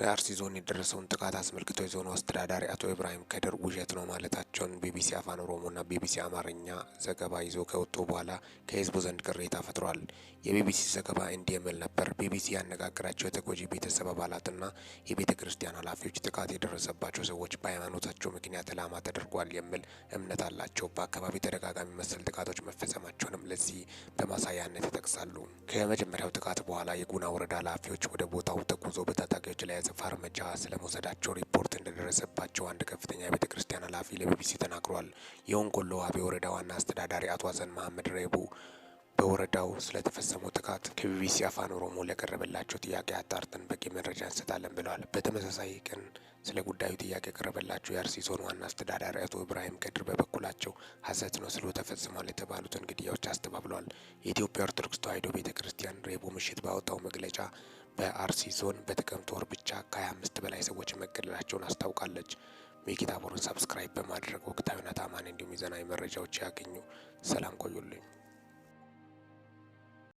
በአርሲ ዞን የደረሰውን ጥቃት አስመልክቶ የዞኑ አስተዳዳሪ አቶ ኢብራሂም ከድር ውሸት ነው ማለታቸውን ቢቢሲ አፋን ኦሮሞና ቢቢሲ አማርኛ ዘገባ ይዞ ከወጡ በኋላ ከህዝቡ ዘንድ ቅሬታ ፈጥሯል። የቢቢሲ ዘገባ እንዲህ የሚል ነበር። ቢቢሲ ያነጋገራቸው የተጎጂ ቤተሰብ አባላትና የቤተ ክርስቲያን ኃላፊዎች ጥቃት የደረሰባቸው ሰዎች በሃይማኖታቸው ምክንያት ላማ ተደርጓል የሚል እምነት አላቸው። በአካባቢ ተደጋጋሚ መሰል ጥቃቶች መፈጸማቸውንም ለዚህ በማሳያነት ይጠቅሳሉ። ከመጀመሪያው ጥቃት በኋላ የጉና ወረዳ ኃላፊዎች ወደ ቦታው ተጉዞ በታጣቂዎች ላይ የአጸፋ እርምጃ ስለመውሰዳቸው ሪፖርት እንደደረሰባቸው አንድ ከፍተኛ የቤተ ክርስቲያን ኃላፊ ለቢቢሲ ተናግሯል። የሆንቆሎ ዋቤ ወረዳ ዋና አስተዳዳሪ አቶ ሀሰን መሀመድ ሬቡ በወረዳው ስለተፈጸመው ጥቃት ከቢቢሲ አፋን ኦሮሞ ለቀረበላቸው ጥያቄ አጣርተን በቂ መረጃ እንሰጣለን ብለዋል። በተመሳሳይ ቀን ስለ ጉዳዩ ጥያቄ የቀረበላቸው የአርሲ ዞን ዋና አስተዳዳሪ አቶ ኢብራሂም ከድር በበኩላቸው ሐሰት ነው ስሉ ተፈጽሟል የተባሉትን ግድያዎች አስተባብለዋል። የኢትዮጵያ ኦርቶዶክስ ተዋሕዶ ቤተ ክርስቲያን ሬቡ ምሽት ባወጣው መግለጫ በአርሲ ዞን በጥቅምት ወር ብቻ ከ25 በላይ ሰዎች መገደላቸውን አስታውቃለች። ሚኪታ ቦርን ሰብስክራይብ በማድረግ ወቅታዊና ታማኝ እንዲሁም ይዘናዊ መረጃዎች ያገኙ። ሰላም ቆዩልኝ።